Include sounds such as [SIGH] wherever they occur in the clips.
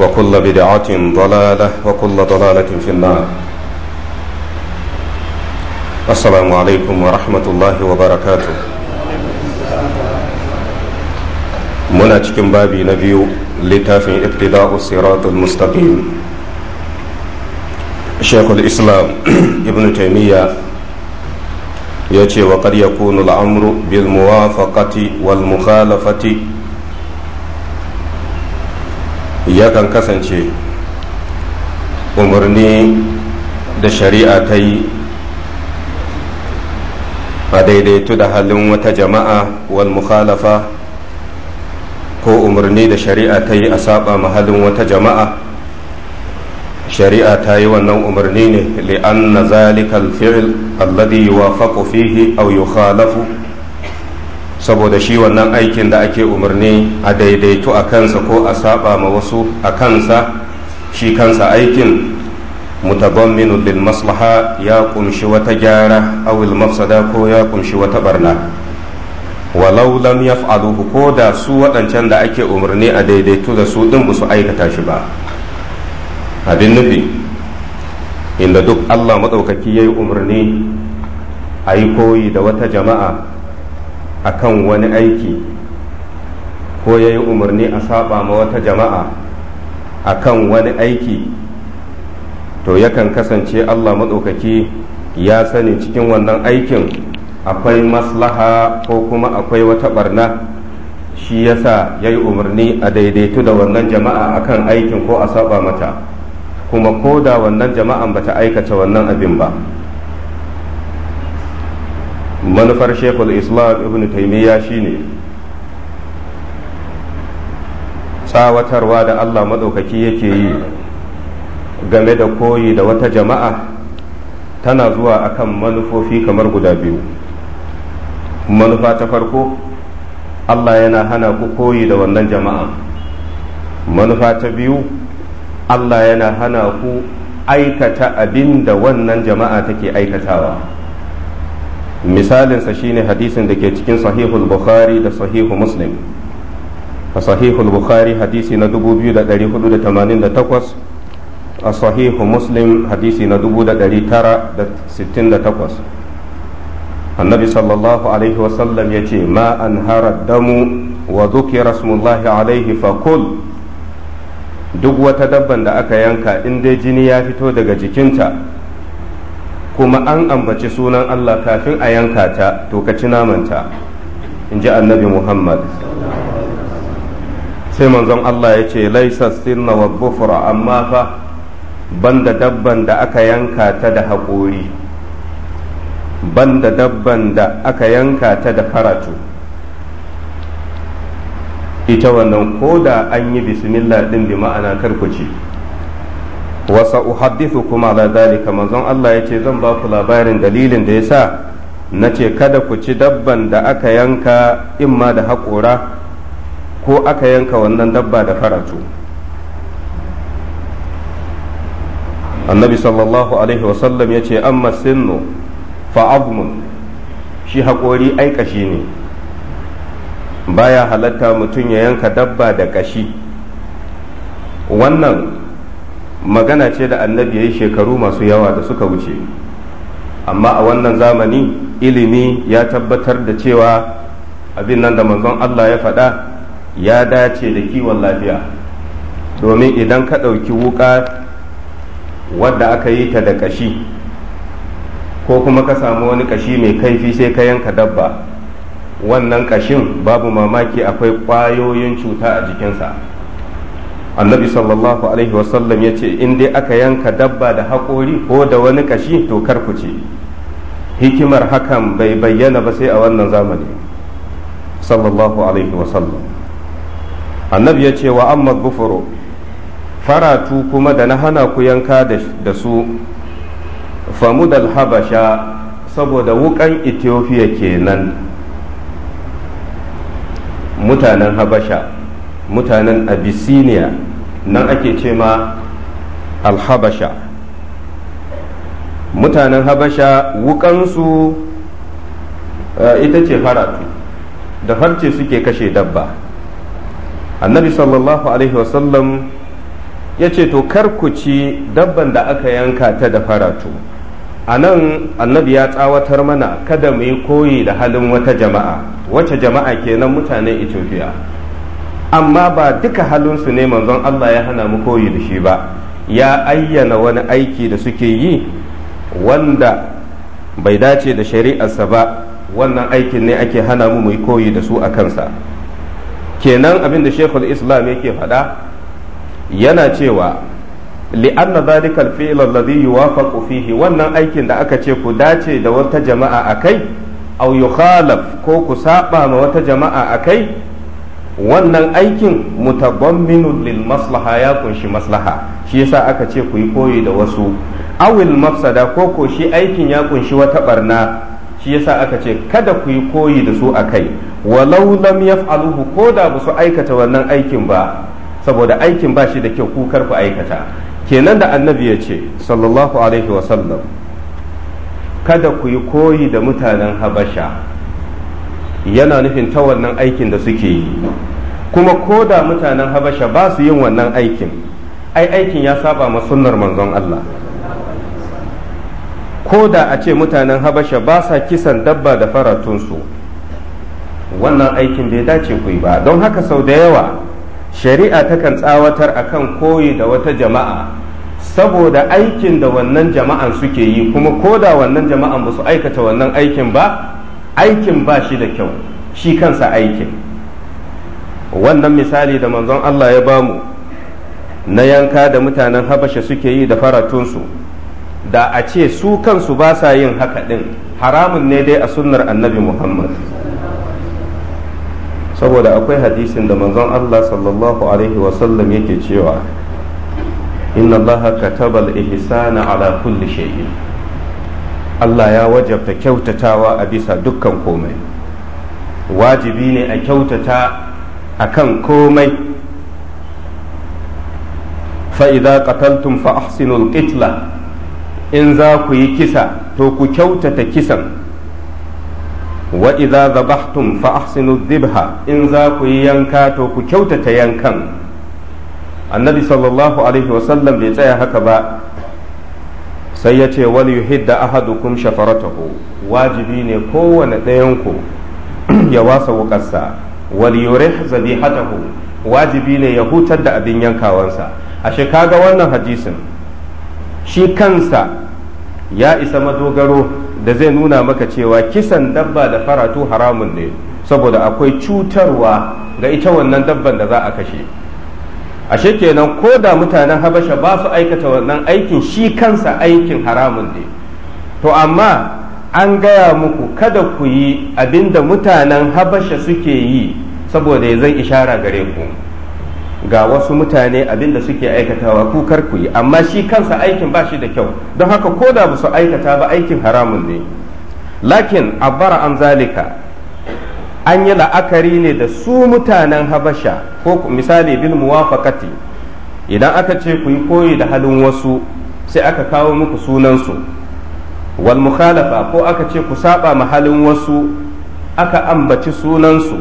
وكل بدعة ضلالة وكل ضلالة في النار السلام عليكم ورحمة الله وبركاته من أجكم بابي نبي لتافي ابتداء الصراط المستقيم شيخ الإسلام [CLEARS THROAT] ابن تيمية يأتي وقد يكون الأمر بالموافقة والمخالفة yakan kasance umarni da shari'a ta yi a daidaitu da halin wata jama'a wal mukhalafa ko umarni da shari'a ta yi a saba mahalin wata jama'a shari'a ta yi wannan umarni ne li'anna zalikal fi'l alladhi yuwafaqu fihi aw yukhalafu saboda shi wannan aikin da ake umarni a daidaito a kansa ko a saba ma wasu a kansa shi kansa aikin mutabamminu bin maslaha ya kunshi wata gyara awil mafsada ko ya kunshi wata barna walau lam yaf'aluhu ko da su waɗancan da ake umarni a daidaito da su ɗin su aikata shi ba abin nufi inda duk allah maɗaukaki ya yi umarni a yi koyi da wata jama'a akan wani aiki ko ya yi umarni a saba ma wata jama'a akan wani aiki to yakan kasance Allah maɗaukaki ya sani cikin wannan aikin akwai maslaha ko kuma akwai wata barna shi yasa ya yi umarni a daidaitu da wannan jama'a akan aikin ko a saba mata kuma ko da wannan jama'an bata aikata wannan abin ba. manufar shekul islam ibn taimiyya shine tsawatarwa da allah maɗaukaki yake yi game da koyi da wata jama'a tana zuwa akan manufofi kamar guda biyu manufa ta farko allah yana hana ku koyi da wannan jama'a manufa ta biyu allah yana hana ku aikata abin da wannan jama'a take aikatawa misalinsa shine hadisin da ke cikin sahihul bukhari da sahihu muslim a sahihul bukhari hadisi na 2488 a sahihu muslim hadisi na 1968 annabi sallallahu alaihi wasallam ya ce ma an hara damu wa zuki rasulullahi alaihi fakul duk wata dabban da aka yanka in dai jini ya fito daga jikinta kuma an ambaci sunan Allah kafin a yanka ta to ka ci namanta in ji annabi Muhammad sai manzon Allah ya ce laisa sinna wa bufra amma fa banda dabban da aka yanka ta da haƙori banda dabban da aka yanka ta da karatu. ita wannan ko da an yi bismillah din bi ma'ana karkuci wa kuma ala dalika manzon Allah yace zan ba ku labarin dalilin da yasa nace kada ku ci dabban da aka yanka imma da haƙora ko aka yanka wannan dabba da faratu annabi sallallahu alaihi wasallam ya amma sinnu fa'abmun shi haƙori ai kashi ne baya halatta mutum ya yanka dabba da ƙashi wannan magana ce da annabi ya yi shekaru masu yawa da suka wuce amma a wannan zamani ilimi ya tabbatar da cewa abin nan da manzon Allah ya faɗa ya dace da kiwon lafiya domin idan ka ɗauki wuƙa wadda aka yi ta da ƙashi ko kuma ka samu wani ƙashi mai kaifi sai ka yanka dabba wannan ƙashin babu mamaki akwai ƙwayoyin cuta a jikinsa. annabi sallallahu alaihi wasallam ya ce in dai aka yanka dabba da haƙori ko da wani kashi to kar ku ce hikimar hakan bai bayyana ba sai a wannan zamani sallallahu alaihi wasallam annabi ya ce wa amma gufuro faratu kuma da na hana ku yanka da su famudal habasha saboda wukan ethiopia kenan mutanen habasha mutanen abisiniya nan ake ce ma alhabasha mutanen habasha wukansu eh, ita ce faratu da farce suke kashe dabba annabi sallallahu alaihi wasallam ya ce to kar ku ci dabban da aka yanka ta da faratu a nan annabi ya tsawatar mana kada mu yi koyi da halin wata jama'a wace jama'a kenan mutanen ethiopia amma ba duka halinsu ne manzon Allah ya hana mu koyi da shi ba ya ayyana wani aiki da suke yi wanda bai dace da shari'arsa ba wannan aikin ne ake hana mu mu koyi da su a kansa kenan abin da shekul islam yake faɗa yana cewa li'anna zalikal fi'l alladhi yuwafaqu fihi wannan aikin da aka ce ku dace da wata jama'a akai aw yukhalaf ko ku saba ma wata jama'a akai wannan aikin mutabamminu lil maslaha ya kunshi maslaha shi yasa aka ce ku yi koyi da wasu awil mafsada ko ko shi aikin ya kunshi wata barna shi yasa aka ce kada ku yi koyi da su a kai walau lam yaf'aluhu ko da ba su aikata wannan aikin ba saboda aikin ba shi da kyau ku karku ku aikata kenan da annabi ya ce sallallahu alaihi wasallam kada ku yi koyi da mutanen habasha yana nufin ta wannan aikin da suke yi kuma ko da mutanen habasha ba su yin wannan aikin ai aikin ya saba ma sunnar manzon Allah ko da a ce mutanen habasha ba sa kisan dabba da faratunsu wannan aikin bai dace ku yi ba don haka sau da yawa shari'a takan tsawatar a kan koyi da wata jama'a saboda aikin da wannan jama'an suke yi kuma ko da wannan jama'an ba su aikata wannan aikin ba aikin ba shi da kyau shi kansa aikin wannan misali da manzon Allah ya bamu na yanka da mutanen habasha suke yi da faratunsu da a ce su kansu ba sa yin haka ɗin haramun ne dai a sunnar annabi muhammad saboda akwai hadisin da manzon Allah sallallahu alaihi wasallam yake cewa inna allaha katabal ihsana ala kulli shay'in Allah ya wajabta kyautatawa a bisa dukkan komai wajibi ne a kyautata a kan komai fa'iza qataltum fa ƙitla qitla in za ku yi kisa to ku kyautata kisan waiza zabahtun zabahtum fa in za ku yi yanka to ku kyautata yankan annabi sallallahu alaihi wasallam bai tsaya haka ba sai ya ce wal yuhidda ahadukum shafaratahu wajibi ne kowane ɗayanku [CLEARS THROAT] ya wasa wukarsa wal yurih zabihatahu wajibi ne ya hutar da abin yankawansa a shekaga wannan hadisin shi kansa ya isa madogaro da zai nuna maka cewa kisan dabba da faratu haramun ne saboda akwai cutarwa ga ita wannan dabban da za a kashe ashe kenan ko da mutanen habasha ba su aikata wannan aikin shi kansa aikin haramun ne to amma an gaya muku kada ku yi abinda mutanen habasha suke yi saboda ya zai ishara gare ku ga wasu mutane abinda suke aikatawa wa kukar ku yi amma shi kansa aikin ba shi da kyau don haka ko da ba su aikata ba aikin haramun ne lakin abara an zalika an yi la'akari ne da su mutanen habasha ko misali bil muwafaqati idan aka ce ku yi koyi da halin wasu sai aka kawo muku sunansu wal mukhalafa ko aka ce ku saba ma halin wasu aka ambaci sunansu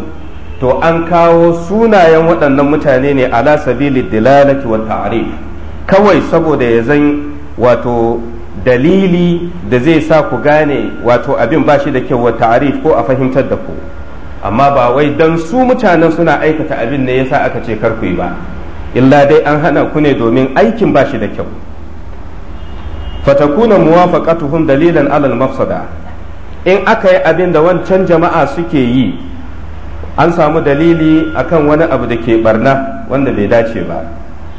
to an kawo sunayen waɗannan mutane ne ala sabili dilalati wa ta'rif kawai saboda ya zan wato dalili da zai sa ku gane wato abin ba shi da kyau wa ta'arif ko a fahimtar da ku amma ba wai dan su mutanen suna aikata abin ne yasa aka ce kar ku yi ba illa dai an hana ku ne domin aikin ba shi da kyau fatakuna muwafaqatuhum dalilan alal mafsada in aka yi abin da wancan jama'a suke yi an samu dalili akan wani abu da ke barna wanda bai dace ba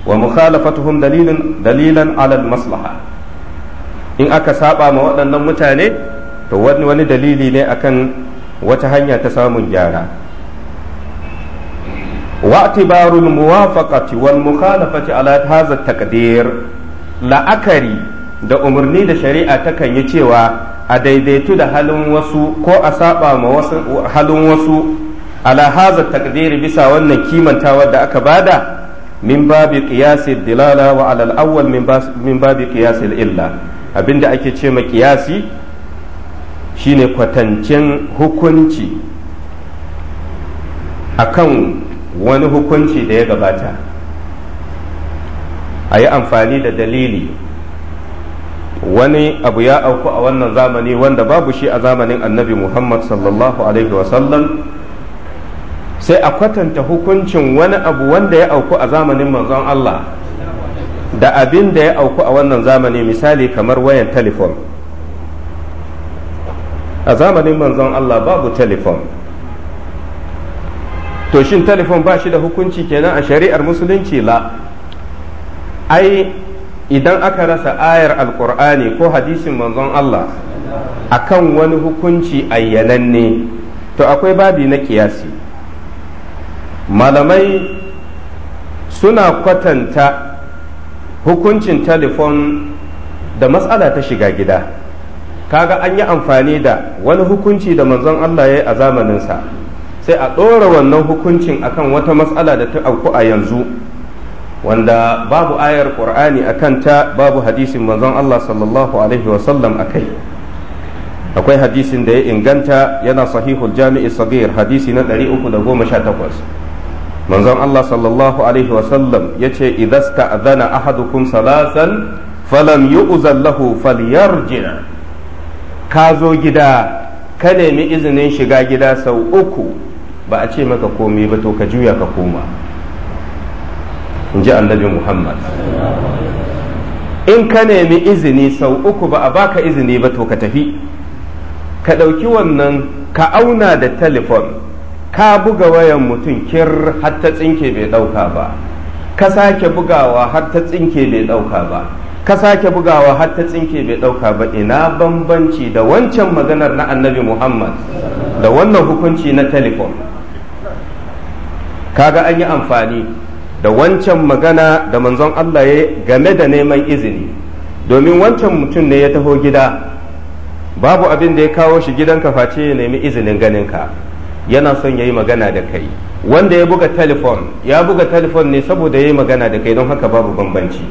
wa mukhalafatuhum dalilan dalilan alal maslaha in aka saba ma waɗannan mutane to wani dalili ne akan wata hanya ta samun gyara واعتبار الموافقة والمخالفة على هذا التقدير la'akari da umarni da shari'a takan yi cewa a daidaitu da halin wasu ko a saba ma wasu halin wasu ala hadha takdiri bisa wannan kimantawa da aka bada min babi qiyasi dilala wa ala al-awwal min babi qiyasi illa abinda ake ce ma qiyasi shine kwatancin hukunci akan wani hukunci da ya gabata a yi amfani da dalili wani abu ya auku a wannan zamani wanda babu shi a zamanin annabi muhammad sallallahu alaihi wasallam sai a kwatanta hukuncin wani abu wanda ya auku a zamanin manzon allah da abin da ya auku a wannan zamani misali kamar wayan telephone a zamanin manzon Allah babu telefon to shin telefon ba shi da hukunci kenan a shari'ar musulunci la ai idan aka rasa ayar alkur'ani ko hadisin manzon Allah akan wani hukunci ayyananne to akwai babi na kiyasi malamai suna kwatanta hukuncin telefon da matsala ta shiga gida kaga an yi amfani da wani hukunci da manzon Allah ya yi a zamaninsa sai a ɗora wannan hukuncin akan wata matsala da ta auku a yanzu wanda babu ayar ƙur'ani a kanta babu hadisin manzon Allah sallallahu alaihi wasallam a kai akwai hadisin da ya inganta yana sahihul jami'i sagir hadisi na 318 manzon Allah sallallahu alaihi wasallam ya ce idasta adana ahadukum salasan falam yu'zan lahu falyarjina ka zo gida ka nemi izinin shiga gida sau uku ba a ce maka komai ba to ka juya ka koma in ji annabi muhammad in ka nemi izini sau uku ba a baka izini ba to ka tafi ka ɗauki wannan ka auna da telefon ka buga wayan mutum kir har ta tsinke bai ɗauka ba ka sake bugawa har ta tsinke bai ɗauka ba ka sake bugawa har ta tsinke bai ɗauka ba ina bambanci da wancan maganar na annabi muhammad da wannan hukunci na telefon kaga an yi amfani da wancan magana da manzon allah ya game da neman izini domin wancan mutum ne ya taho gida babu abin da ya kawo shi gidan ka face ya nemi izinin ganinka yana son ya yi magana da kai wanda ya buga telefon ya buga telefon ne saboda ya yi magana da kai don haka babu bambanci.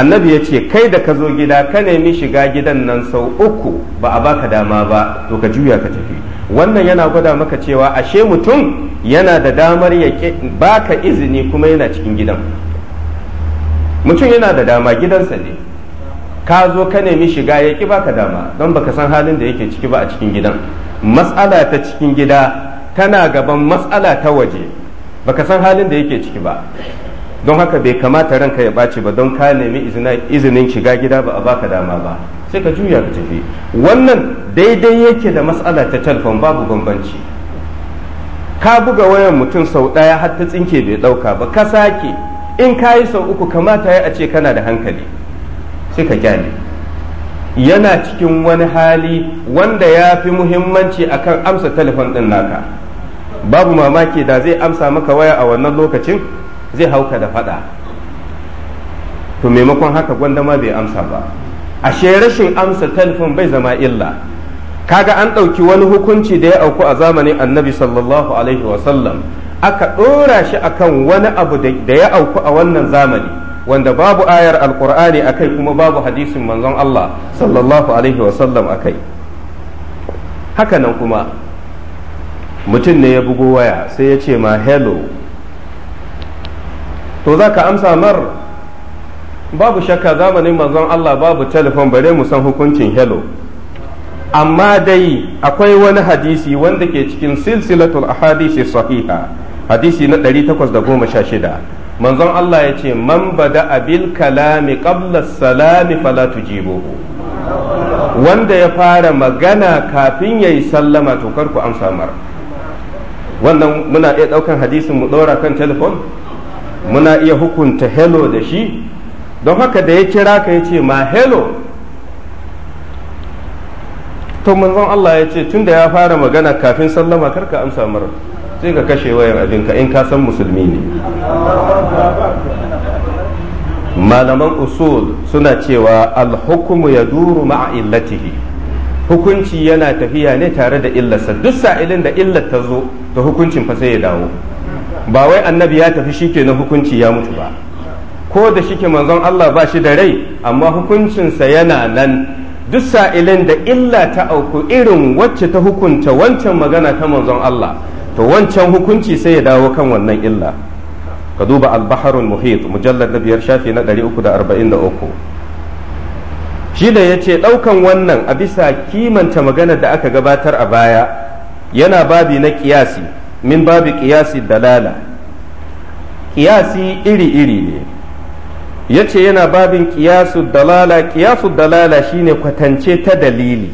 annabi ya ce kai da ka zo gida ka nemi shiga gidan nan sau uku ba a baka dama ba to ka juya ka tafi wannan yana gwada maka cewa ashe mutum yana da damar ya baka izini kuma yana cikin gidan mutum yana da dama gidansa ne ka zo ka nemi shiga ya ki baka dama don baka san halin da yake ciki ba a cikin gidan matsala ta cikin gida tana gaban matsala ta waje baka san halin da yake ciki ba don haka bai kamata ranka ya ɓace ba don ka nemi izinin shiga gida ba a baka dama ba sai ka juya ka tafi wannan daidai yake da matsala ta telefon babu bambanci ka buga wayan mutum sau ɗaya har ta tsinke bai ɗauka ba ka sake in ka yi sau uku kamata ya a ce kana da hankali sai ka gyale yana cikin wani hali wanda ya fi muhimmanci akan amsa telefon ɗin naka babu mamaki da zai amsa maka waya a wannan lokacin zai hauka da faɗa to maimakon haka gwandama bai amsa ba ashe rashin amsa telefon bai zama illa kaga an ɗauki wani hukunci da ya auku a zamanin annabi sallallahu alaihi wasallam aka ɗora shi akan wani abu da ya auku a wannan zamani wanda babu ayar alkur'ani akai kuma babu hadisin manzon Allah sallallahu alaihi wasallam akai hakanan kuma mutum ne ya bugo waya sai ya ce ma hello to za ka amsa mar babu shakka zamanin manzon Allah babu telefon bare mu san hukuncin hello amma dai akwai wani hadisi wanda ke cikin silsilatul ahadisi sahiha hadisi na 816 manzon Allah ya ce man bada abil kalami qabla salami fala tujibuhu wanda ya fara magana kafin yayi sallama to karku amsa mar wannan muna iya daukan hadisin mu dora kan telefon muna iya hukunta hello da shi don haka da ya kira ka ya ce ma hello to manzon Allah ya ce tunda ya fara magana kafin sallama karka amsa mara sai ka kashe wayan abinka in ka san musulmi ne malaman usul suna cewa alhukumu ya duru ma'a illatihi hukunci yana tafiya ne tare da illarsa duk sa'ilin da illar ta zo da hukuncin fa sai ya dawo ba wai annabi ya tafi shi na hukunci ya mutu ba ko da shike manzon Allah ba shi da rai amma hukuncinsa yana nan duk sa'ilin da illa ta auku irin wacce ta hukunta wancan magana ta manzon Allah to wancan hukunci sai ya dawo kan wannan illa ka duba al-baharul muhit mujallad na biyar shafi na 343 shi da yace ɗaukan wannan a bisa kimanta magana da aka gabatar a baya yana babi na kiyasi min babu qiyasi dalala kiyasi iri-iri ne yace yana babin qiyasu dalala qiyasu dalala shine kwatance ta dalili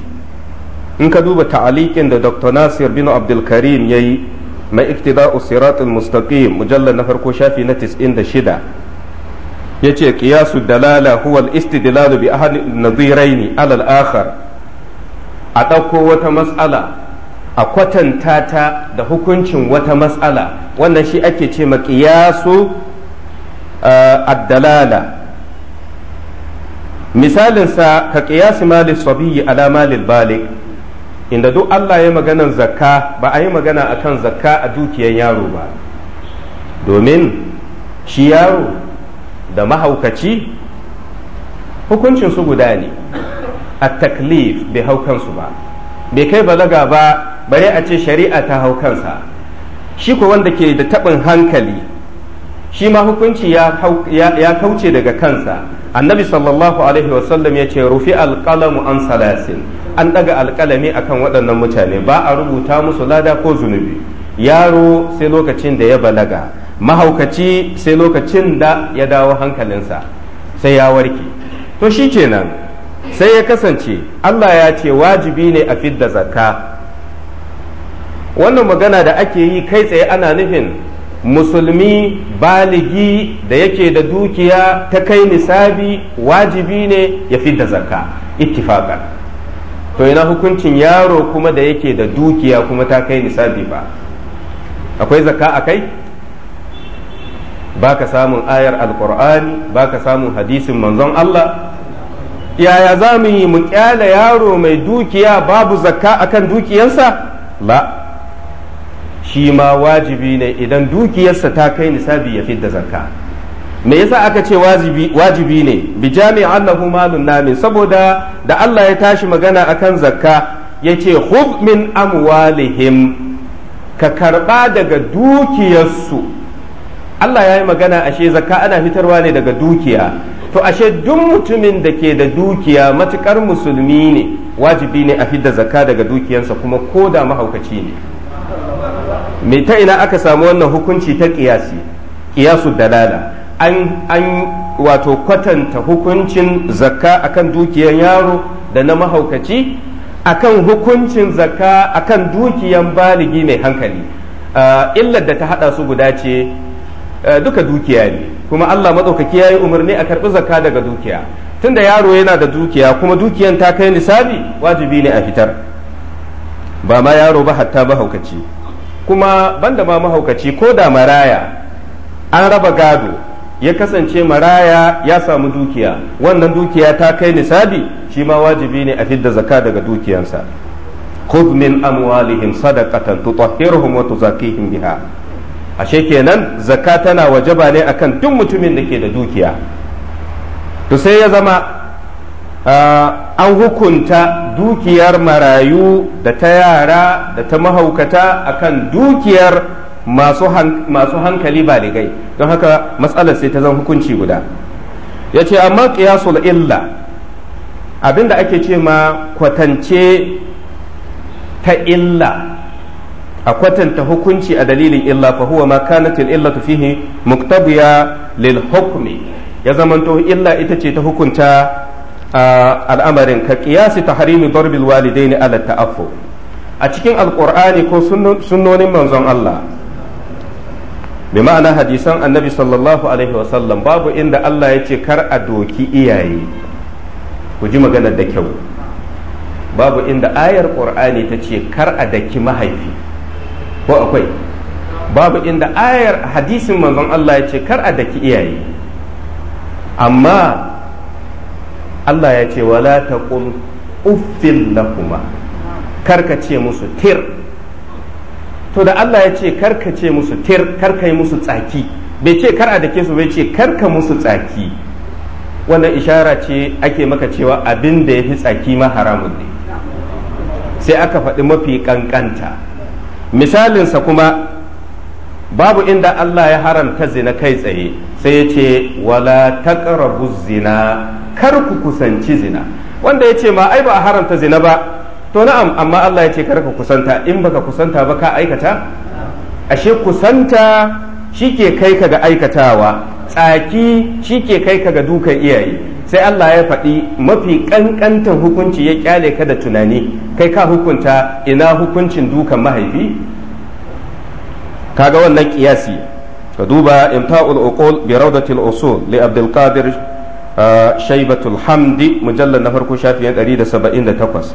in ka duba ta'alikin da Dr. Nasir bin abdulkarim ya yi mai iktida'u siratul mustaqim mujallar na farko shafi na 96 yace qiyasu dalala huwal istidlalu bi ahad nadhiraini ala alal akhar a ɗauko wata matsala a kwatanta ta da hukuncin wata matsala wannan shi ake ce maƙiyasu eh, addalala misalinsa ka ƙiyasi malin sabiyyi ala malil balik inda duk Allah ya maganan zakka ba a yi magana a kan zakka a dukiyar yaro ba domin shi yaro da mahaukaci hukuncin su guda ne a taklif bai hau kansu ba bai kai balaga ba Bari a ce shari'a ta hau kansa shi ko wanda ke da taɓin hankali shi ma hukunci ya kauce daga kansa annabi sallallahu alaihi wasallam ya ce rufi alƙalamu an salasin an ɗaga alƙalami akan waɗannan mutane ba a rubuta musu lada ko zunubi yaro sai lokacin da ya balaga mahaukaci sai lokacin da ya dawo hankalinsa sai ya warke to shi kenan sai ya kasance allah ya ce wajibi ne a fidda zakka wannan magana da ake yi kai tsaye ana nufin musulmi baligi da yake da dukiya ta kai nisabi wajibi ne ya fi da zakka ittifaqan to ina hukuncin yaro kuma da yake da dukiya kuma ta kai nisabi ba akwai zakka a kai baka samun ayar alkur'ani baka samun hadisin manzon Allah yaya za mu yi mu kyale yaro mai dukiya babu zakka akan dukiyansa la shi ma wajibi ne idan dukiyarsa ta kai nisabi ya fidda zakka me yasa aka ce wajibi ne bi jami annahu malun namin saboda da Allah ya tashi magana akan zakka yace ce min amwalihim ka karba daga dukiyarsu Allah ya yi magana ashe zakka ana fitarwa ne daga dukiya to ashe duk mutumin da ke da dukiya matukar musulmi ne wajibi ne a fidda zakka daga dukiyarsa kuma ko da mahaukaci ne me ta ina aka samu wannan hukunci ta kiyasi kiyasu dalala an an wato kwatanta hukuncin zakka akan dukiyar yaro da na mahaukaci akan hukuncin zakka akan dukiyar baligi mai hankali ah, illar da ta hada su guda ce eh, duka dukiya ne kuma Allah ya yi umarni a karbi zakka daga dukiya tunda yaro yana da dukiya kuma dukiyan ta kai nisabi wajibi ne a fitar ba ma yaro ba hatta mahaukaci kuma banda ma mahaukaci ko da maraya an raba gado ya kasance maraya ya samu dukiya wannan dukiya ta kai nisabi shi ma wajibi ne a fidda zaka daga dukiyansa khudh min amwalihim sadaqatan tutahhiruhum wa tuzakihim biha ashe kenan zaka tana wajaba ne akan duk mutumin da ke da dukiya to sai ya zama Ah, an hukunta dukiyar marayu da ta yara da ta mahaukata a kan dukiyar masu hankali baligai don haka matsalar sai ta zan hukunci guda ya ce amma ƙiyasul illa abinda ake ce ma kwatance ta illa a kwatanta hukunci a dalilin illa fa huwa ma kanatil illatu fihi muktabiya lil hukmi ya zamanto illa ita ce ta hukunta al'amarin ka qiyasi tahrimi darbil walidaini ala ta'affu a cikin alqur'ani ko sunnonin manzon Allah bi ma'ana hadisan annabi sallallahu alaihi wasallam babu inda Allah ya ce kar a doki iyaye ku ji maganar da kyau babu inda ayar qur'ani ta ce kar a daki mahaifi ko akwai babu inda ayar hadisin manzon Allah ya ce kar a daki iyaye amma Allah ya ce wala ƙun uffin lakuma karka ce musu tir to da Allah ya ce karka ce musu tir karka yi musu tsaki bai ce kar a dake su bai ce karka musu tsaki wannan ishara ce ake maka cewa abin da ya fi tsaki ma haramun ne sai aka faɗi mafi ƙanƙanta misalinsa kuma babu inda Allah ya haramta zina kai tsaye sai ya ce wala taqrabu zina kar ku kusanci zina wanda ya ce ma ai ba a haramta zina ba to na'am amma Allah ya ce kar ka kusanta in baka kusanta ba ka aikata ashe kusanta shike kai ka ga aikatawa tsaki shike kai ka ga dukan iyaye sai Allah ya faɗi mafi ƙanƙantan hukunci ya kyale ka da tunani kai ka hukunta ina hukuncin dukan mahaifi kaga wannan kiyasi ka duba imta'ul uqul bi rawdatil usul li abdul qadir shaibatul hamdi mujallar na farko shafiyan 178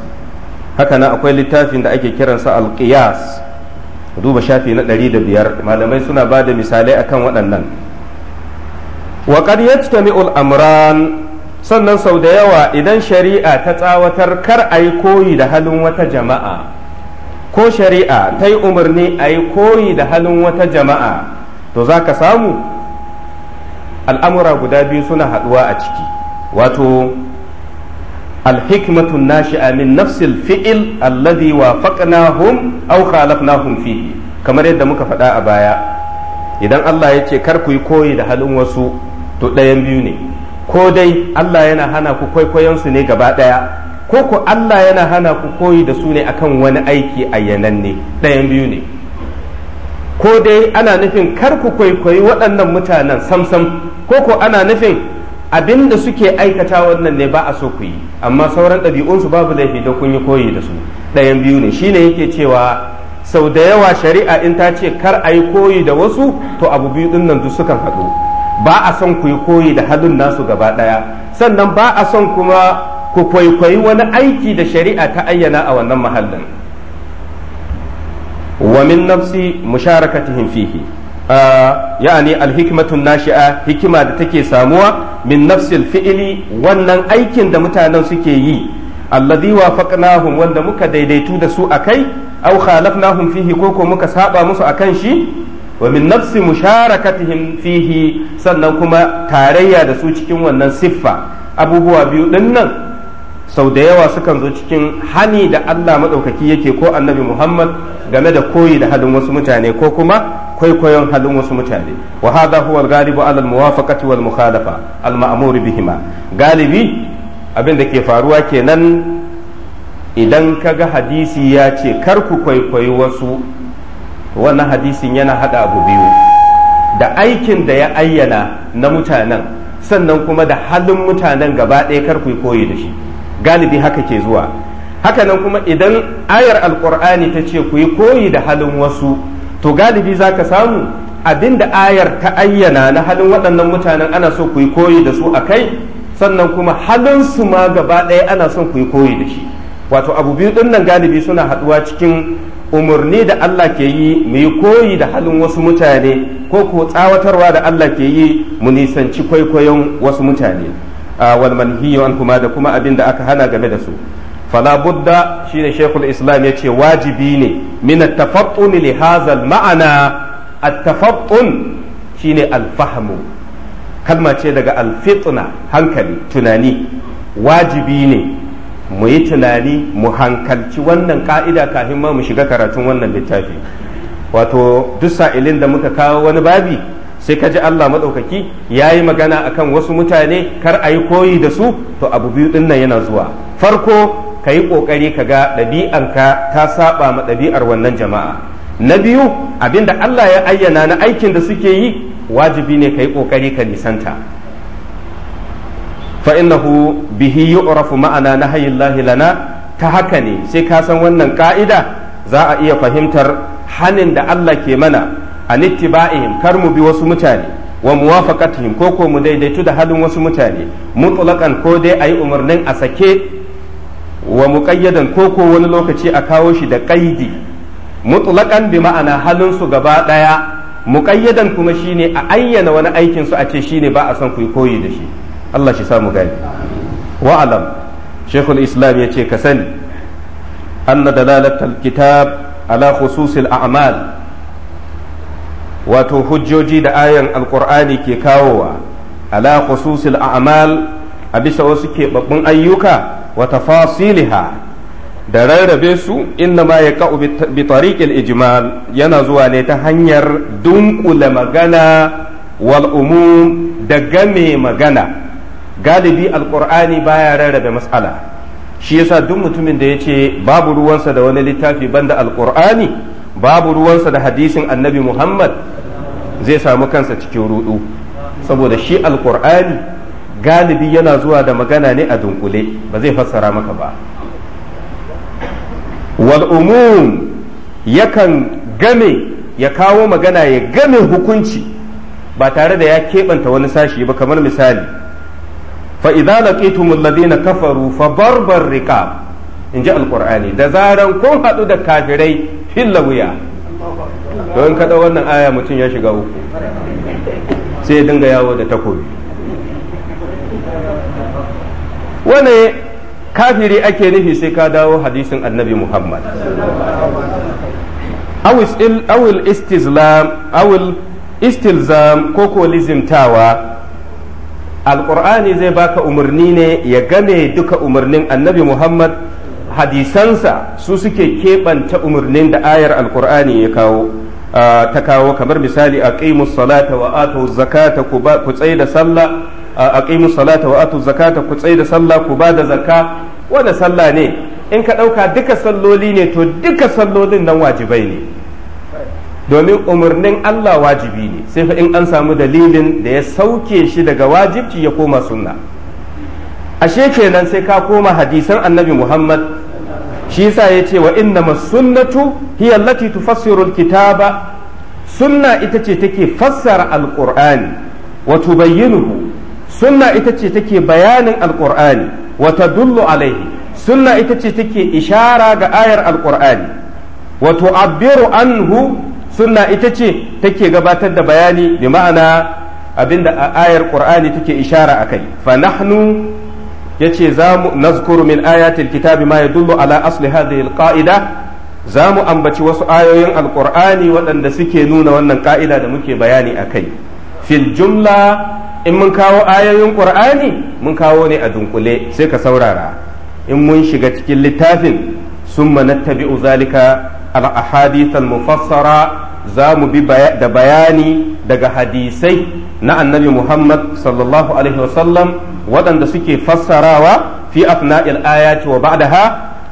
haka nan akwai littafin da ake kiransa alqiyas duba shafi na 105 malamai suna ba da misalai akan waɗannan wa qad tami'ul amran sannan sau da yawa idan shari'a ta tsawatar kar a yi koyi da halin wata jama'a ko shari'a ta yi umarni a yi koyi da halin wata jama'a to za ka samu al'amura guda biyu suna haɗuwa a ciki wato alhikmatun shi amin nafsil fi'il alladhi au aw khalafnahum fihi kamar yadda muka faɗa a baya idan Allah ya ce kar ku yi koyi da halin wasu to ɗayan biyu ne ko dai Allah yana hana ku kwaikwayon su ne gaba ɗaya ko ku Allah yana hana ku koyi da su ne akan wani aiki a yananne ɗayan biyu ne ko dai ana nufin kar ku kwaikwayi waɗannan mutanen samsam ko ko ana nufin abin da suke aikata wannan ne ba a so ku yi amma sauran ɗabi'unsu babu laifi da kun yi koyi da su ɗayan biyu ne shine yake cewa sau da yawa shari'a in ta ce kar a yi koyi da wasu to abu biyu ɗin nan duk sukan haɗu ba a son ku yi koyi da halin nasu gaba ɗaya sannan ba a son kuma ku kwaikwayi wani aiki da shari'a ta ayyana a wannan mahallin wa min nafsi musharakatihim fihi ah, yani alhikmatun nashi'a hikima da take samuwa min nafsil fi'ili wannan aikin da mutanen suke yi alladhi wafaqnahum wanda muka daidaitu da su akai aw khalafnahum fihi ko ko muka saɓa musu a kan shi wa min nafsi musharakatihim fihi sannan kuma tarayya da su cikin wannan siffa abubuwa biyu din nan sau da yawa sukan zo cikin hani da Allah maɗaukaki yake ko annabi Muhammad game da koyi da halin wasu mutane ko kuma kwaikwayon halin wasu mutane wa hadha huwa al-ghalibu ala al-muwafaqati wal mukhalafa al-ma'mur bihima galibi abin da ke faruwa kenan idan ka ga hadisi ya ce kar ku kwaikwayi wasu wannan hadisin yana hada abu biyu da aikin da ya ayyana na mutanen sannan kuma da halin mutanen gaba ɗaya kar ku koyi da shi galibi haka ke zuwa hakanan kuma idan ayar alkur'ani ta ce ku yi koyi da halin wasu to galibi za ka samu abinda ayar ta ayyana na halin waɗannan mutanen ana so ku yi koyi da su a kai sannan kuma halinsu ma gaba ɗaya ana son ku yi koyi da shi wato abu biyu ɗin nan galibi suna haɗuwa cikin umarni da Allah ke yi mu yi koyi da halin wasu mutane ko ko tsawatarwa da Allah ke yi mu nisanci kwaikwayon wasu mutane wal manhiyu kuma da kuma abin da aka hana game da su fala budda shine shaykhul islam ya ce wajibi ne min at-tafattun li hadha al-ma'ana at-tafattun shine al-fahmu kalma ce daga al-fitna hankali tunani wajibi ne mu yi tunani mu hankalci wannan ka'ida kafin ma mu shiga karatun wannan littafi wato duk sa'ilin da muka kawo wani babi sai ka ji Allah maɗaukaki ya yi magana a kan wasu mutane kar a yi koyi da su to abu biyu ɗin nan yana zuwa farko ka yi ƙoƙari ka ga ɗabi'anka ta saɓa ma ɗabi'ar wannan jama'a na biyu abinda Allah ya ayyana na aikin da suke yi wajibi ne ka yi ƙoƙari ka nisanta fa'innahu bihi yu'rafu ma'ana na hayin lahilana ta haka ne sai ka san wannan ka'ida za a iya fahimtar hanin da Allah ke mana an ittiba'ihim kar mu bi wasu mutane wa muwafaqatihim ko ko mu daidaitu da halin wasu mutane mutlaqan ko dai ayi umarnin a sake wa muqayyadan ko ko wani lokaci a kawo shi da qaidi mutlaqan bi ma'ana halin su gaba daya muqayyadan kuma shine a ayyana wani aikin su a ce shine ba a son ku koyi da shi Allah shi samu gani wa alam shaykhul islam yace ka sani anna dalalatul kitab ala khususil a'mal wato hujjoji da ayan alkur'ani ke kawowa ala khususil a'mal a bisa wasu keɓaɓɓun ayyuka wa tafasiliha da rarrabe su inna ma ya ka'u bi tariqil ijmal yana zuwa ne ta hanyar dunkula magana wal umum da game magana galibi alkur'ani baya rarrabe matsala shi yasa duk mutumin da ya ce babu ruwansa da wani littafi banda alkur'ani babu ruwansa da hadisin annabi muhammad zai samu kansa cikin ruɗu saboda shi alkur'ani galibi yana zuwa da magana ne a dunkule ba zai fassara maka ba wal umum yakan game ya kawo magana ya game hukunci ba tare da ya keɓanta wani sashi ba kamar misali fa idza laqitumul ladina kafaru fa barbar riqab in ji alƙur'ani da zaran kun haɗu da kafirai filla wuya don kada wannan aya mutum ya shiga uku sai dinga yawo da takobi wane kafiri ake nufi sai ka dawo hadisin annabi muhammad awul istizlam awul istilzam ko ko lizimtawa alƙur'ani zai baka umarni ne ya game duka umarnin annabi muhammad hadisansa su suke keɓanta umarnin da ayar alkur'ani ya kawo ta kawo kamar misali a salata wa atu zakata ku tsaye da sallah a salata wa atu zakata ku tsaye da sallah ku ba da zakka wanda sallah ne in ka ɗauka duka salloli ne to duka sallolin nan wajibai ne domin umarnin Allah wajibi ne sai fa in an samu dalilin da ya sauke shi daga wajibci ya koma sunna ashe kenan sai ka koma hadisan annabi muhammad shi yasa ya ce wa inna sunnatu hiya allati tufassiru alkitaba sunna ita ce take fassara alqur'ani wa tubayyinuhu sunna ita ce take bayanin alqur'ani wa tadullu alaihi sunna ita ce take ishara ga ayar alqur'ani wa tu'abbiru anhu sunna ita ce take gabatar da bayani bi ma'ana abinda ayar qur'ani take ishara akai fa nahnu yace za mu nazkuru min ayatil kitabi ma yadullu ala asli hadhihi alqaida za mu ambaci wasu ayoyin alqur'ani waɗanda suke nuna wannan ka'ida da muke bayani akai fil jumla in mun kawo ayoyin qur'ani mun kawo ne a dunkule sai ka saurara in mun shiga cikin littafin summa nattabi'u zalika al ahadith al mufassara za mu bi da bayani daga hadisai na annabi Muhammad sallallahu alaihi wasallam waɗanda suke fassarawa fi afna'il ayati wa ba'daha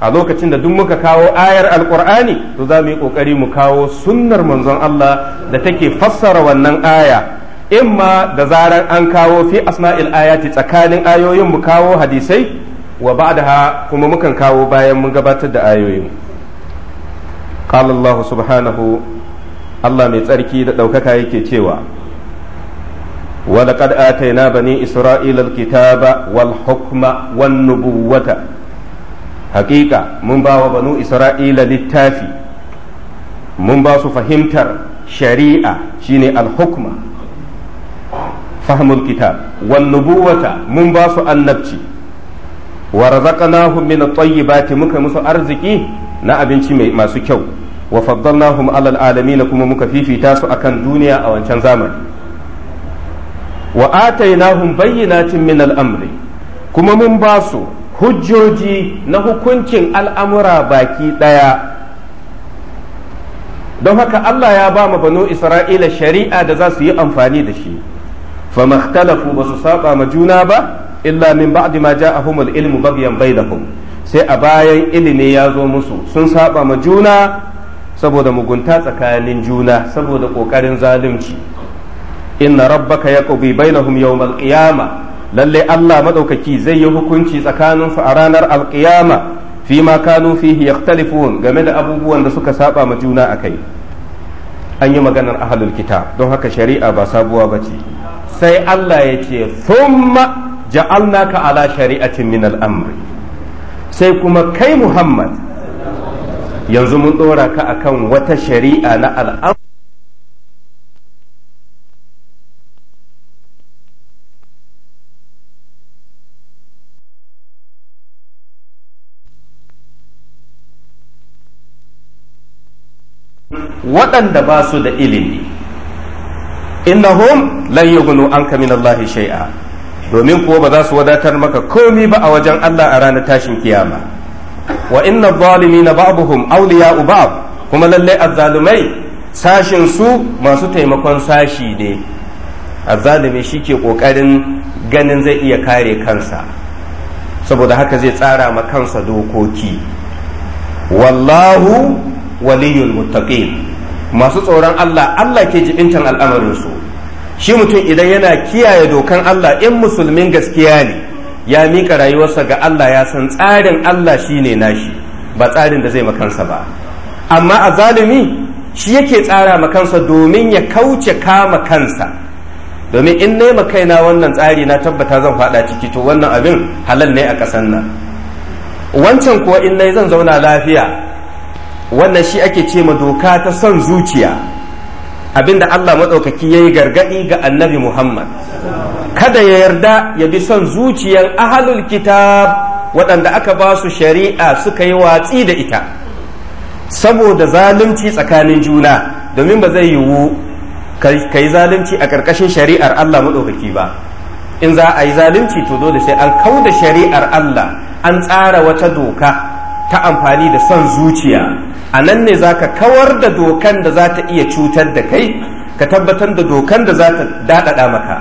a lokacin da duk muka kawo ayar alqur'ani to za mu yi kokari mu kawo sunnar manzon Allah da take fassara wannan aya imma da zarar an kawo fi asma'il ayati tsakanin ayoyin mu kawo hadisai wa ba'daha kuma mukan kawo bayan mun gabatar da ayoyin qala Allah subhanahu Allah mai tsarki da ɗaukaka yake cewa ولقد آتينا بني إسرائيل الكتاب والحكم والنبوة حقيقة من باو بنو إسرائيل للتافي من باو فهمتر شريعة شيني الحكمة فهم الكتاب والنبوة من باو النبتي ورزقناهم من الطيبات مكة مسو أرزقي na abinci masu kyau wa faddalnahum alal alamin kuma muka fifita su akan duniya a wancan zamani wa atainahum bayyinatin min al'amri kuma mun ba su hujjoji na hukuncin al'amura baki ɗaya don haka Allah ya ba ma banu Isra'ila shari'a da za su yi amfani da shi fa makhtalafu ba su saba ma juna ba illa min ba'di ma ja'ahum al-ilmu baghyan bainahum sai a bayan ilimi ya zo musu sun saba ma juna saboda mugunta tsakanin juna saboda kokarin zalunci inna rabbaka yaqdi bainahum yawm al-qiyama lalle Allah madaukaki zai yi hukunci tsakanin su a ranar al-qiyama fi ma kanu fihi yakhtalifun game da abubuwan da suka saba ma juna akai an yi maganar ahlul kitab don haka shari'a ba sabuwa bace sai Allah ya ce thumma ja'alnaka ala shari'atin min al-amri sai kuma kai Muhammad yanzu mun dora ka akan wata shari'a na al'amri waɗanda ba su da ilimi innahum lan yughnu anka min Allahi shay'a domin kuwa ba za su wadatar maka komi ba a wajen Allah a ranar tashin kiyama wa inna zalimina ba'dhum awliya'u ba'd kuma lalle azzalumai sashin su masu taimakon sashi ne azzalumi ke kokarin ganin zai iya kare kansa saboda haka zai tsara ma kansa dokoki wallahu waliyul muttaqin masu tsoron Allah Allah ke jibintan su, shi mutum idan yana kiyaye dokan Allah in musulmin gaskiya ne ya mika rayuwarsa ga Allah ya san tsarin Allah shine nashi ba tsarin da zai makansa ba amma a zalimi shi yake tsara kansa domin ya kauce kama kansa domin in nema kaina wannan tsari na tabbata zan faɗa ciki to wannan abin halal ne a ƙasan nan wancan kuwa in nai zan zauna lafiya wannan shi ake ce ma doka ta son zuciya abinda Allah maɗaukaki ya yi gargaɗi ga annabi Muhammad kada ya yarda ya bi son zuciyan ahalul kitab waɗanda aka ba su shari'a suka yi watsi da ita saboda zalunci tsakanin juna domin ba zai yiwu ka yi zalunci a ƙarƙashin shari'ar Allah maɗaukaki ba in za a yi zalunci to dole sai an kauda shari'ar Allah an tsara wata doka ta amfani da son zuciya a nan ne za ka kawar da dokan da za ta iya cutar da kai ka tabbatar da dokan da za ta daɗaɗa maka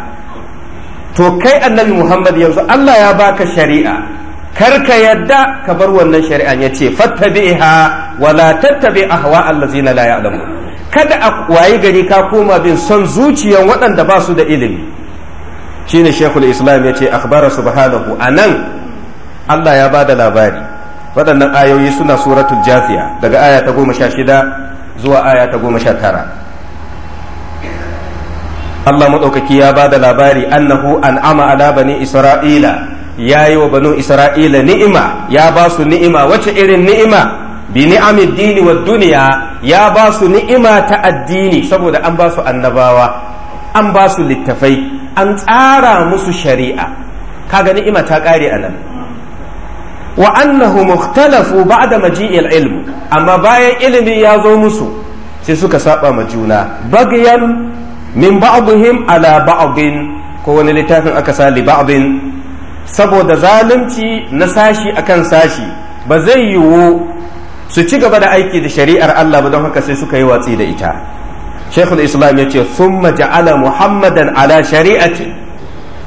to kai annabi muhammad yanzu allah ya baka shari'a kar ka yadda ka bar wannan shari'an ya ce fattabi'ha wa la tattabi ahwa allazina la ya'lamu kada a wayi gari ka koma bin son zuciyan waɗanda ba su da ilimi shine shekul islam ya ce akhbara subhanahu anan allah ya ba da labari waɗannan ayoyi suna suratul jafiya daga aya ta goma sha shida zuwa aya ta goma sha tara Allah maɗaukaki ya ba da labari annahu an'ama ala bani isra'ila ya yi wa banu isra'ila ni'ima ya ba su ni'ima wace irin ni'ima bi ni'amid dini wa duniya ya ba su ni'ima ta addini saboda an ba su annabawa an ba su littafai an tsara musu shari'a kaga ni'ima ta ƙare a nan wa annahu mukhtalafu ba'da maji'il ilmu amma bayan ilimi ya zo musu sai suka saba ma juna bagyan min ba'dihim ala ba'din ko wani littafin aka sa li ba'din saboda zalunci na sashi akan sashi ba zai yiwu su ci gaba da aiki da shari'ar Allah ba don haka sai suka yi watsi da ita Sheikhul Islam ya ce thumma ja'ala Muhammadan ala shari'ati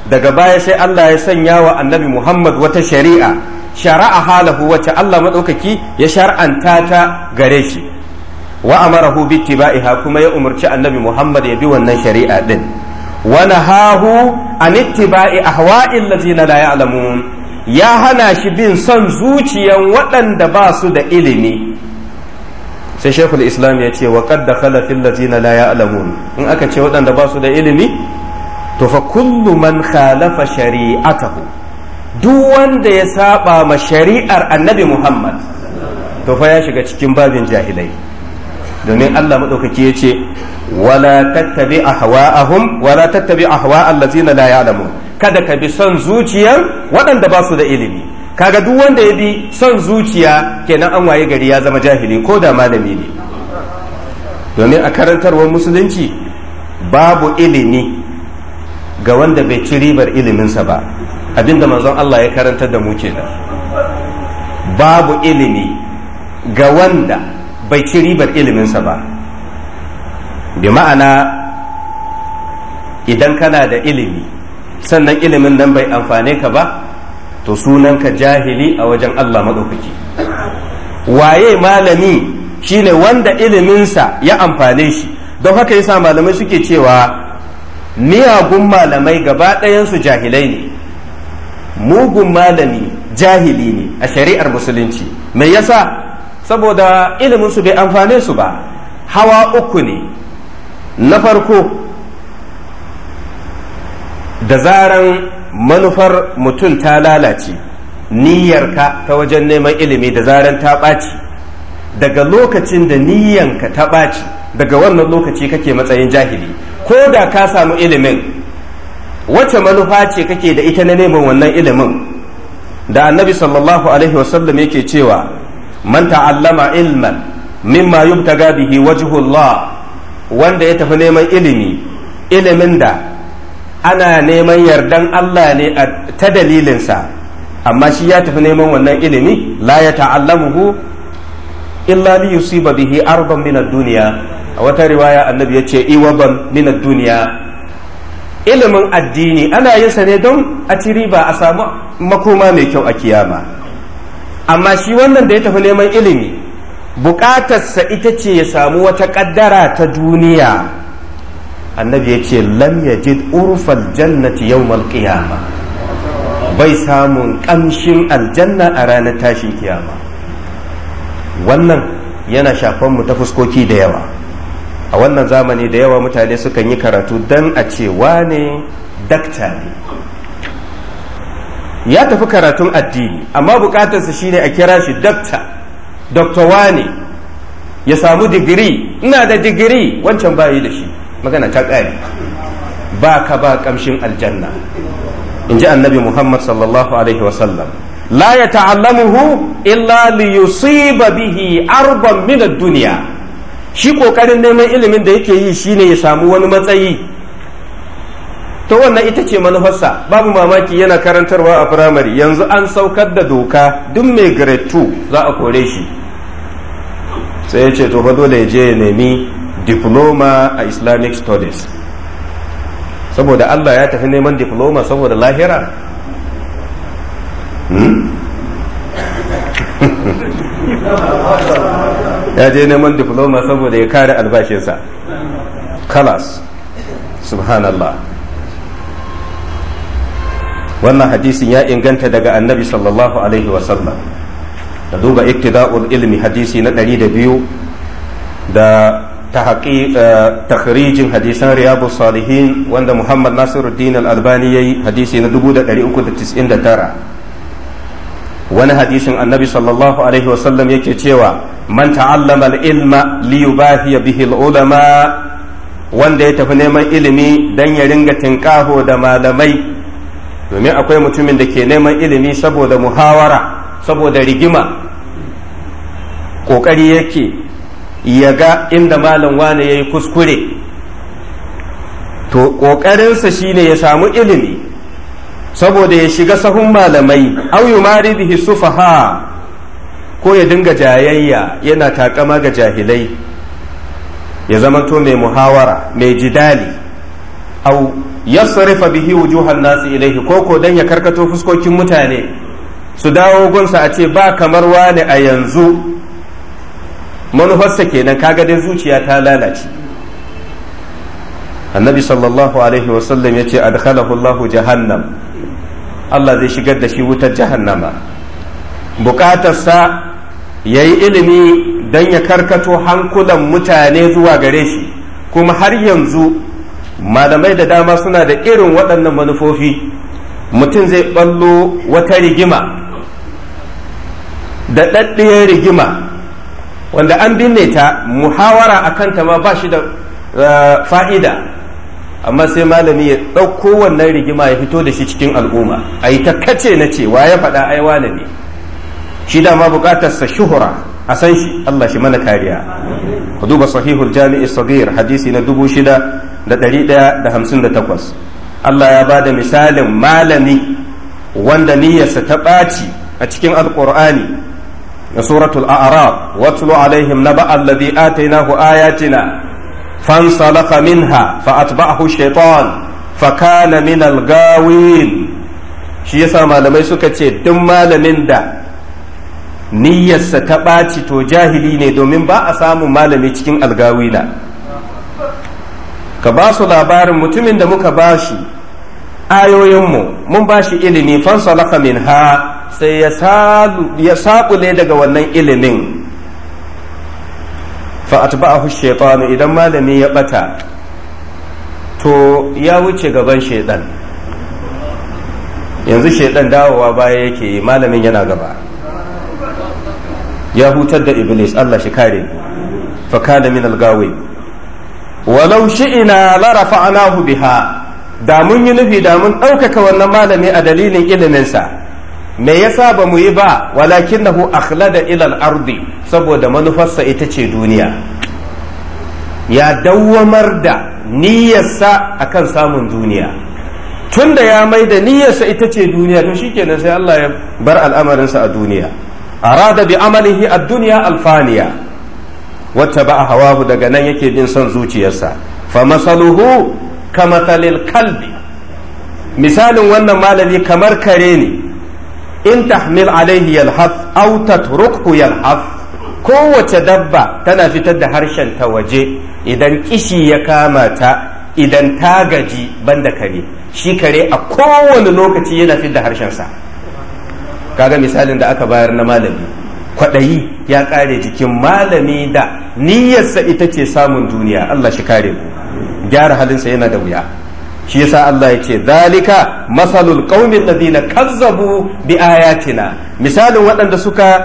daga baya sai Allah ya sanya wa Annabi Muhammad wata shari'a shara'a halahu wacce Allah maɗaukaki ya shar'anta ta gare shi wa amarahu bittiba'iha kuma ya umarci annabi Muhammad ya bi wannan shari'a din wa nahahu an ittiba'i ahwa'il ladzina la ya'lamun ya hana shi bin son zuciyan waɗanda ba su da ilimi sai shekul islam ya ce wa qad dakhala fil ladzina la ya'lamun in aka ce waɗanda ba su da ilimi to fa kullu man khalafa shari'atahu duk wanda ya saba ma shari'ar annabi muhammad to fa ya shiga cikin babin jahilai domin allah maɗaukaki ya ce wala tattabi ahwa'ahum wala tattabi ahwa'al allazina la ya'lamu kada ka bi son zuciyar waɗanda ba su da ilimi kaga duk wanda ya bi son zuciya kenan an waye gari ya zama jahili ko da malami ne domin a karantarwar musulunci babu ilimi ga wanda bai ci ribar iliminsa ba abinda manzon Allah ya karanta da mu kenan babu ilimi ga wanda bai ci ribar iliminsa ba bi ma'ana idan kana da ilimi sannan ilimin nan bai amfane ka ba to ka jahili a wajen Allah maɗaukaki waye malami shine wanda iliminsa ya amfane shi don haka yasa malamai suke cewa miyagun malamai gaba ɗayansu jahilai ne mugun malami jahili ne a shari'ar musulunci me yasa saboda ilimin su bai amfane su ba hawa uku ne na farko da zaran manufar mutum ta lalace niyyarka ta wajen neman ilimi da zaran ta ɓaci daga lokacin da niyyanka ta ɓaci daga wannan lokaci kake matsayin jahili ko da ka samu ilimin wace manufa ce kake da ita na neman wannan ilimin da annabi sallallahu alaihi wasallam yake cewa man ta'allama ilman mimma yubtaga bihi wajhullah wanda ya tafi neman ilimi ilimin da ana neman yardan Allah ne ta dalilinsa amma shi ya tafi neman wannan ilimi la ya ta'allamuhu illa li yusiba bihi arban min ad-dunya a wata riwaya annabi yace iwaban min ad-dunya ilimin addini ana yin sa ne don a ci riba a samu makoma mai kyau a kiyama amma shi wannan da ya tafi neman ilimi bukatarsa ita ce ya samu wata kaddara ta duniya annabi ya ce lam yajid urfal jannati yawmal qiyama bai samun kamshin aljanna a ranar tashin kiyama wannan yana shafan mu ta fuskoki da yawa a wannan zamani da yawa mutane sukan yi karatu don a ce wane dakta ne ya tafi karatun addini amma bukatarsa shine a kira shi dakta wane ya samu digiri ina da digiri wancan bayi da shi magana ta kare ba ka ba kamshin aljanna in ji annabi muhammad sallallahu alaihi wasallam la ya ta'allamuhu illa li yusiba bihi arban min ad-dunya shi ƙoƙarin neman ilimin da yake yi shi ne ya samu wani matsayi ta wannan ita ce manufarsa babu mamaki yana karantarwa a firamare yanzu an saukar da doka duk mai grade 2 za a kore shi sai ya ce to fa dole ya je ya nemi diploma a islamic studies saboda allah ya tafi neman diploma saboda lahira hmm? [LAUGHS] ya je neman diploma saboda ya kare albashinsa kalas subhanallah wannan hadisin ya inganta daga annabi sallallahu alaihi wasallam da duba iktida'ul ilmi hadisi na 200 da tahrijin eh, hadisan riyabu salihin wanda muhammad nasiruddin al-albani ya yi hadisi na 399 wani hadisin annabi sallallahu alaihi wasallam yake cewa man ta'allama al-ilma li yubahi bihi al-ulama wanda ya tafi neman ilimi dan ya ringa tinkaho da malamai domin akwai mutumin da ke neman ilimi saboda muhawara saboda rigima kokari yake ya ga inda malam wane yayi kuskure to kokarinsa shine ya samu ilimi saboda ya shiga sahun malamai au yumaridihi sufaha ko ya dinga jayayya yana takama ga jahilai ya zamanto mai muhawara mai jidali au sarrafa bihi wujuhan nasu ilaihi ko ko dan ya karkato fuskokin mutane su dawo gunsa a ce ba kamar wani a yanzu manufarsa kenan kaga dai zuciya ta lalace annabi sallallahu alaihi wasallam ya ce adkhalahu allahu jahannam Allah zai shigar da shi wutar jahannama bukatarsa ya yi ilimi don ya karkato hankulan mutane zuwa gare shi kuma har yanzu malamai da dama suna da irin waɗannan manufofi mutum zai ɓallo wata rigima da ɗaɗɗiyar rigima wanda an binne ta muhawara a kanta ma ba shi da eh, fa'ida amma sai malami ya ɗauko wannan rigima ya fito da shi cikin al'umma a yi ta kace na cewa ya faɗa ai wane ne shi dama sa shuhura a san shi Allah shi mana kariya ku duba sahihul jami'i sagir hadisi na dubu shida da ɗari ɗaya da hamsin da takwas Allah ya ba da misalin malami wanda niyyarsa ta ɓaci a cikin alƙur'ani na suratul a'raf watlu alaihim naba allazi atainahu ayatina فانسلخ منها فأتبعه الشيطان فكان من الغاوين shi yasa malamai suka ce duk malamin da niyyarsa ta ɓaci to jahili ne domin ba a samun malami cikin algawina ka ba su labarin mutumin da muka ba shi ayoyinmu mun ba shi ilimi fansalaka min ha sai ya saƙule daga wannan ilimin fa atba'ahu shaytanu idan malami ya bata to ya wuce gaban shaidan yanzu shaidan dawowa baya yake malamin yana gaba ya hutar da iblis Allah shi kare fa kana min algawi walau shi'ina la rafa'nahu biha da mun yi nufi da mun ɗaukaka wannan malami a dalilin iliminsa me yasa ba mu yi ba walakin nahu akhlada da ilal ardi saboda manufarsa ita ce duniya ya dawwamar da niyyarsa akan samun duniya tunda ya mai da niyyarsa ita ce duniya to shikenan sai Allah ya bar al'amarinsa a duniya arada bi amalihi duniya alfaniya al-faniya wattaba hawahu daga nan yake bin son zuciyarsa fa masaluhu ka kalbi misalin wannan malami kamar kare ne in tahmil alaihi yalhaf autat tatrukhu yalhaf kowace dabba tana fitar da harshen ta waje idan kishi ya kama ta idan ta gaji banda kare shi kare a kowane lokaci yana fitar da harshen harshensa kaga misalin da aka bayar na malami kwaɗayi ya kare jikin malami da niyyarsa ita ce samun duniya Allah shi kare mu gyara halinsa yana da wuya shi yasa Allah ya ce zalika masalul qaumin ladina kazzabu bi ayatina misalin waɗanda suka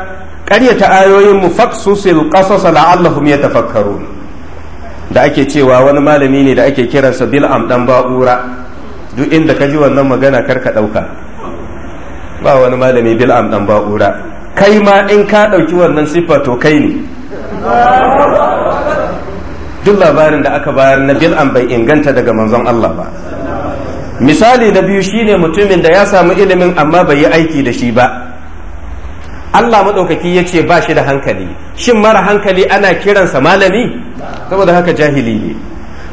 ƙaryata ayoyin mu faqsusil qasasa la'allahum yatafakkarun da ake cewa wani malami ne da ake kiransa bil'am dan ba'ura duk inda ka wannan magana karka ɗauka ba wani malami bil'am dan ba'ura kai ma in ka ɗauki wannan siffa to kai ne duk labarin da aka bayar na bil'am bai inganta daga manzon Allah ba misali na biyu shine mutumin da ya samu ilimin amma bai yi aiki da shi ba Allah maɗaukaki ya ce ba shi da hankali shin mara hankali ana kiransa malami saboda haka jahili ne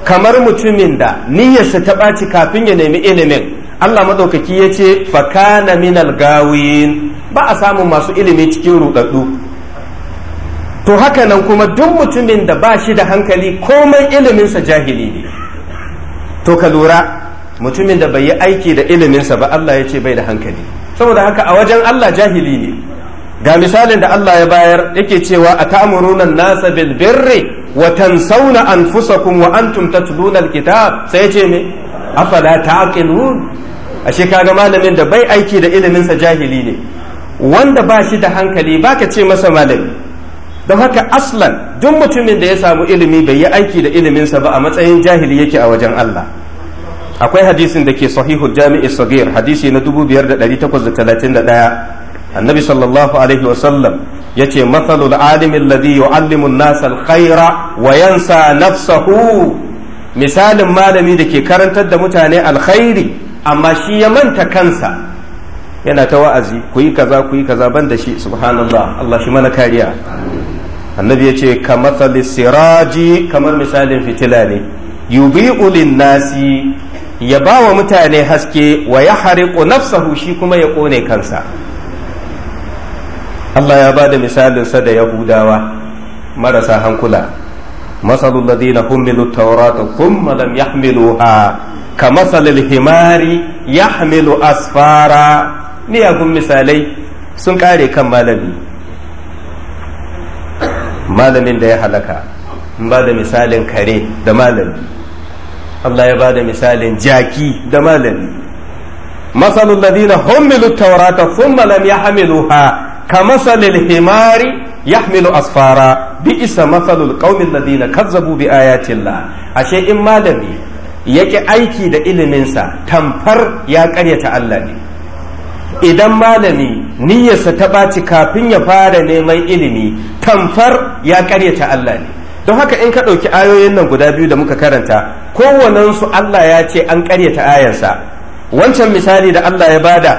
kamar mutumin da niyyarsa ta ɓaci kafin ya nemi ilimin Allah maɗaukaki ya ce fakana minal gawin ba a samun masu ilimi cikin ruɗaɗɗu to haka nan kuma duk mutumin da ba shi da hankali komai iliminsa jahili ne to ka lura mutumin da bai yi aiki da iliminsa ba Allah ya ce bai da hankali saboda haka a wajen Allah jahili ne ga misalin da Allah ya bayar yake cewa a ta'amuruna nasa bil birri wa tansawna anfusakum wa antum tatluna alkitab sai ce me afala ta'qilun ashe kaga malamin da bai aiki da ilimin sa jahili ne wanda ba shi da hankali baka ce masa malami don haka aslan duk mutumin da ya samu ilimi bai yi aiki da iliminsa ba a matsayin jahili yake a wajen Allah akwai hadisin da ke sahihul jami'i sagir hadisi na 5831 annabi sallallahu alaihi wasallam ya ce matsalul alimin ladhi yu'allimu nasa alkhaira wa yansa nafsahu misalin malami da ke karantar da mutane alkhairi amma shi ya manta kansa yana ta wa'azi ku yi kaza ku yi kaza ban da shi subhanallah Allah shi mana kariya annabi ya ce ka matsalin siraji kamar misalin fitila ne yubi'u lin nasi ya ba wa mutane haske wa ya hariƙo nafsahu shi kuma ya ƙone kansa Allah ya ba da misalinsa da yahudawa marasa hankula masalul ladina humilu taurata ya lam ha ka masalil himari yahmilu asfara miyagun misalai sun ƙare kan malami malamin da ya halaka ba da misalin kare da malami Allah ya bada misalin jaki da malami masalul ladina humilu tawrata thumma lam yahmiluha kamasalil himari yahmilu asfara bi isa masalul qaumil ladina kazzabu bi ayatillah ashe in malami yake aiki da iliminsa tamfar ya karyata Allah ne idan malami niyyarsa ta baci kafin ya fara neman ilimi tamfar ya karyata Allah ne don haka in ka ɗauki ayoyin nan guda biyu da muka karanta kowanensu Allah ya ce an ƙaryata ayansa wancan misali da Allah ya bada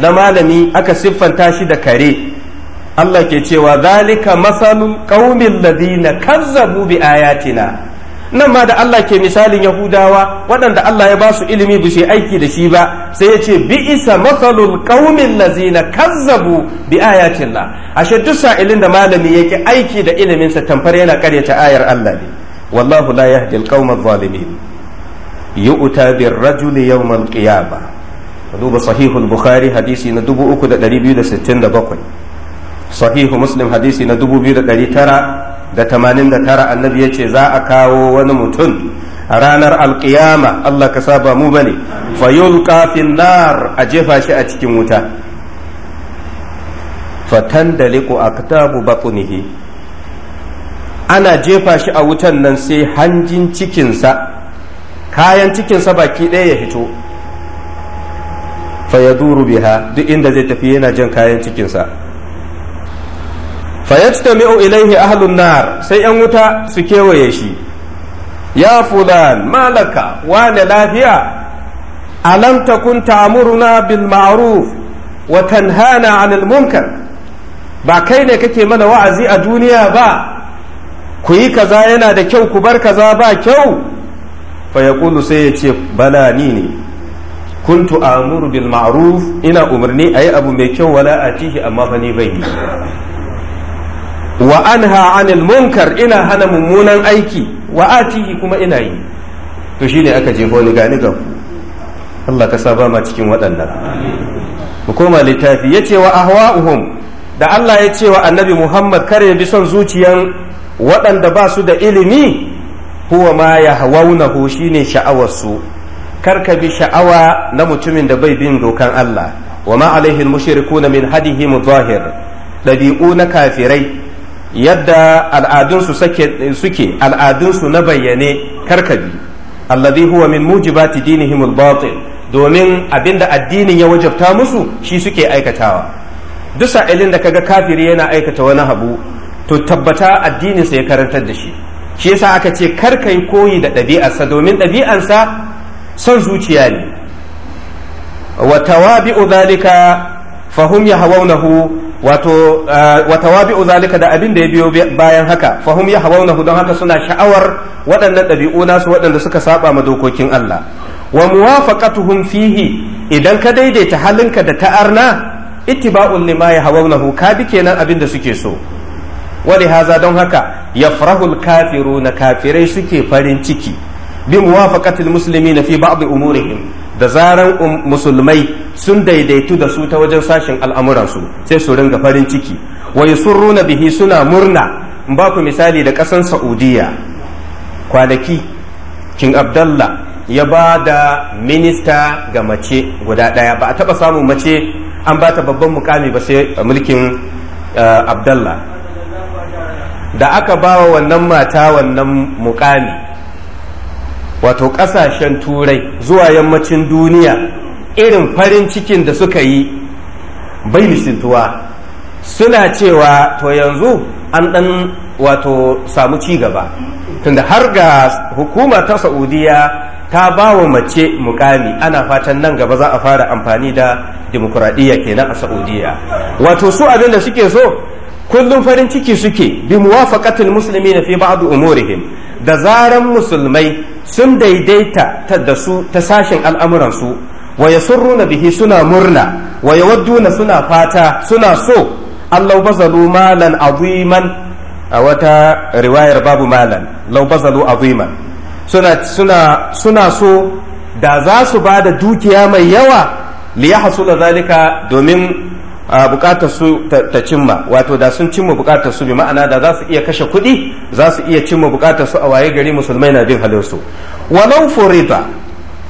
na malami aka siffanta shi da kare Allah ke cewa zalika masalul qaumil ladina kazzabu bi ayatina nan ma da Allah ke misalin Yahudawa waɗanda Allah ya ba su ilimi bu aiki da shi ba sai ya ce bi isa matsalul ƙaumin lazina kazzabu bi ayatillah ashe duk sa'ilin da malami yake aiki da iliminsa tamfar yana karyata ayar Allah ne wallahu la yahdi alqawma adh-dhalimin yu'ta bir-rajul yawm al-qiyamah duba sahihul bukhari hadisi na 3267 sahihu muslim hadisi na 2900 da tamanin da tara annabi ya ce za a kawo wani mutum a ranar alkiyama Allah ka saba mu bane fayul kafin nar a jefa shi a cikin wuta fatan da liku katabu batunihi ana jefa shi a wutan nan sai hanjin cikinsa kayan cikinsa baki ɗaya ya fito fayaduru biha duk inda zai tafi yana jan kayan cikinsa fayajtami'u ilaihi ahlun nar sai yan wuta su kewaye shi ya fulan malaka wane lafiya alam takun ta'muruna bil ma'ruf wa tanhana 'anil munkar ba kai ne kake mana wa'azi a duniya ba ku yi kaza yana da kyau ku bar kaza ba kyau fa yaqulu sai ya ce bala ni ne kuntu amuru bil ma'ruf ina umarni ayi abu mai kyau wala atihi amma fa ni bai wa anha anil munkar ina hana mummunan aiki wa atihi kuma ina yi to shine aka jefo ni gani ga ku Allah ka saba ma cikin waɗannan mu koma littafi yace wa ahwa'uhum da Allah ya ce wa annabi Muhammad kare bi son zuciyan waɗanda ba su da ilimi huwa ma yahwaunahu shine sha'awarsu kar ka bi sha'awa na mutumin da bai bin dokan Allah wa ma alaihi mushrikuna min hadihi mudahir dabi'u na kafirai yadda al'adunsu suke al'adunsu na bayyane karkabi alladhi huwa min mujibati dinihim al-batil domin abinda addinin ya wajabta musu shi suke aikatawa duk sa'ilin da kaga kafiri yana aikata wani habu to tabbata addinin sa ya karantar da shi shi yasa aka ce kar kayi koyi da ɗabi'arsa domin ɗabi'arsa son zuciya ne wa tawabi'u dhalika fahum yahawunahu wato uh, wata wabi zalika da abin da ya biyo bayan haka fahum ya hawaunahu don haka suna sha'awar waɗannan ɗabi'u nasu waɗanda suka saba ma dokokin Allah wa muwafaqatuhum fihi idan ka daidaita halinka da ta'arna ittiba'un lima ya hu ka bi kenan abin da suke so wani haza don haka yafrahul kafiru na kafirai suke farin ciki bi muwafaqatil muslimina fi ba'd umurihim da zaran um, musulmai sun daidaitu da su ta wajen sashen al'amuransu sai su ringa farin ciki sun runa bihi suna murna in ba ku misali da ƙasan saudiya kwanaki kin abdallah ya ba da minista ga mace guda ɗaya ba a taɓa samun mace an ba ta babban mukami ba sai mulkin eh, abdallah da aka ba wa wannan mata wannan mukami wato ƙasashen turai zuwa yammacin duniya irin farin cikin da suka yi bai misintuwa suna cewa to yanzu an ɗan wato samu ci gaba tunda har ga hukuma ta saudiya ta ba wa mace mukami ana fatan nan gaba za a fara amfani da dimokuraɗiyya kenan a saudiya wato su abin da suke so kullum farin ciki suke bi musulmi muslimina fi ba'd umurihim da zaran musulmai sun daidaita ta da su ta sashen al'amuran su wa yasurruna bihi suna murna wa yawadduna suna fata suna so allau bazalu malan aziman a wata riwayar babu malan lau bazalu aziman suna suna suna so da za su ba da dukiya mai yawa liya hasula zalika domin bukatar su ta cimma wato da sun cimma bukatar su bi ma'ana da za su iya kashe kuɗi za su iya cimma bukatar su a waye gari musulmai na bin halin su walau furida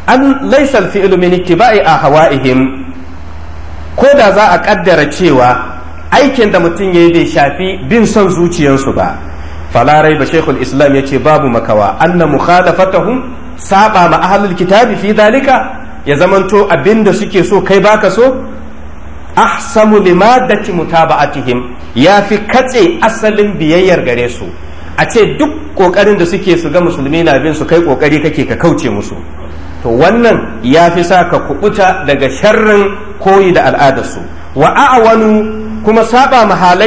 an laysa fi ilmin a ittiba'i ahwa'ihim ko da za a kaddara cewa aikin da mutum yayi bai shafi bin son zuciyarsu ba Falarai ba shaykhul islam yace babu makawa anna mukhalafatuhum saba ma ahlul kitabi fi dalika ya zamanto abinda suke so kai baka so ahsamu limadati mutaba'atihim ya fi katse asalin biyayyar gare su a ce duk kokarin da suke su ga musulmi na bin su kai kokari kake ka kauce musu to wannan ya fi sa ka kubuta daga sharrin koyi da al'adarsu wa a'awanu kuma saba mahalai